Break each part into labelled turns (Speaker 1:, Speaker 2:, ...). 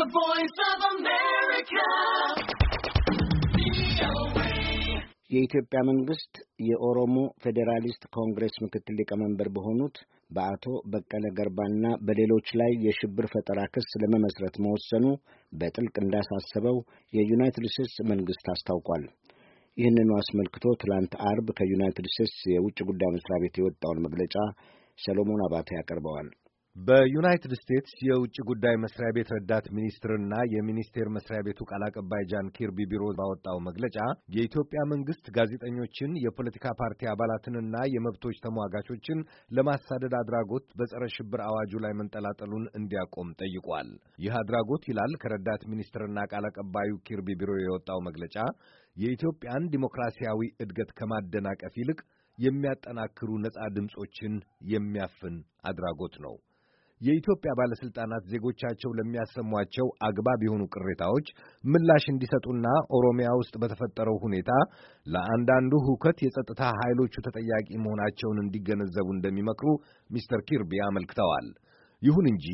Speaker 1: The Voice of America. የኢትዮጵያ መንግስት የኦሮሞ ፌዴራሊስት ኮንግሬስ ምክትል ሊቀመንበር በሆኑት በአቶ በቀለ ገርባና በሌሎች ላይ የሽብር ፈጠራ ክስ ለመመስረት መወሰኑ በጥልቅ እንዳሳሰበው የዩናይትድ ስቴትስ መንግስት አስታውቋል። ይህንኑ አስመልክቶ ትላንት አርብ ከዩናይትድ ስቴትስ የውጭ ጉዳይ መስሪያ ቤት የወጣውን መግለጫ ሰሎሞን አባተ ያቀርበዋል።
Speaker 2: በዩናይትድ ስቴትስ የውጭ ጉዳይ መስሪያ ቤት ረዳት ሚኒስትርና የሚኒስቴር መስሪያ ቤቱ ቃል አቀባይ ጃን ኪርቢ ቢሮ ባወጣው መግለጫ የኢትዮጵያ መንግስት ጋዜጠኞችን፣ የፖለቲካ ፓርቲ አባላትንና የመብቶች ተሟጋቾችን ለማሳደድ አድራጎት በጸረ ሽብር አዋጁ ላይ መንጠላጠሉን እንዲያቆም ጠይቋል። ይህ አድራጎት ይላል ከረዳት ሚኒስትርና ቃል አቀባዩ ኪርቢ ቢሮ የወጣው መግለጫ የኢትዮጵያን ዲሞክራሲያዊ እድገት ከማደናቀፍ ይልቅ የሚያጠናክሩ ነጻ ድምፆችን የሚያፍን አድራጎት ነው። የኢትዮጵያ ባለስልጣናት ዜጎቻቸው ለሚያሰሟቸው አግባብ የሆኑ ቅሬታዎች ምላሽ እንዲሰጡና ኦሮሚያ ውስጥ በተፈጠረው ሁኔታ ለአንዳንዱ ሁከት የጸጥታ ኃይሎቹ ተጠያቂ መሆናቸውን እንዲገነዘቡ እንደሚመክሩ ሚስተር ኪርቢ አመልክተዋል። ይሁን እንጂ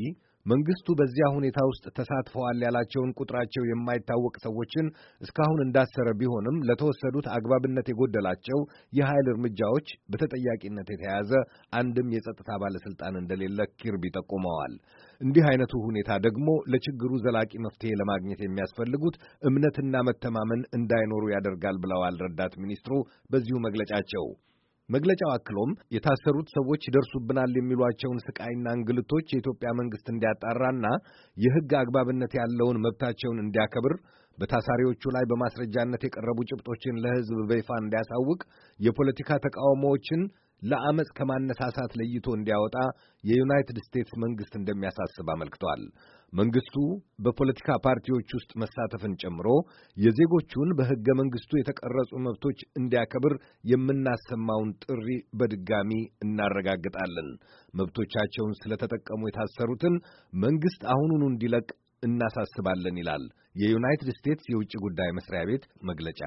Speaker 2: መንግስቱ በዚያ ሁኔታ ውስጥ ተሳትፈዋል ያላቸውን ቁጥራቸው የማይታወቅ ሰዎችን እስካሁን እንዳሰረ ቢሆንም ለተወሰዱት አግባብነት የጎደላቸው የኃይል እርምጃዎች በተጠያቂነት የተያዘ አንድም የጸጥታ ባለስልጣን እንደሌለ ኪርቢ ጠቁመዋል። እንዲህ አይነቱ ሁኔታ ደግሞ ለችግሩ ዘላቂ መፍትሄ ለማግኘት የሚያስፈልጉት እምነትና መተማመን እንዳይኖሩ ያደርጋል ብለዋል ረዳት ሚኒስትሩ በዚሁ መግለጫቸው። መግለጫው አክሎም የታሰሩት ሰዎች ይደርሱብናል የሚሏቸውን ስቃይና እንግልቶች የኢትዮጵያ መንግስት እንዲያጣራና የህግ አግባብነት ያለውን መብታቸውን እንዲያከብር በታሳሪዎቹ ላይ በማስረጃነት የቀረቡ ጭብጦችን ለህዝብ በይፋ እንዲያሳውቅ የፖለቲካ ተቃውሞዎችን ለአመፅ ከማነሳሳት ለይቶ እንዲያወጣ የዩናይትድ ስቴትስ መንግስት እንደሚያሳስብ አመልክቷል። መንግስቱ በፖለቲካ ፓርቲዎች ውስጥ መሳተፍን ጨምሮ የዜጎቹን በሕገ መንግስቱ የተቀረጹ መብቶች እንዲያከብር የምናሰማውን ጥሪ በድጋሚ እናረጋግጣለን። መብቶቻቸውን ስለተጠቀሙ የታሰሩትን መንግስት አሁኑኑ እንዲለቅ እናሳስባለን ይላል የዩናይትድ ስቴትስ የውጭ ጉዳይ መስሪያ ቤት መግለጫ።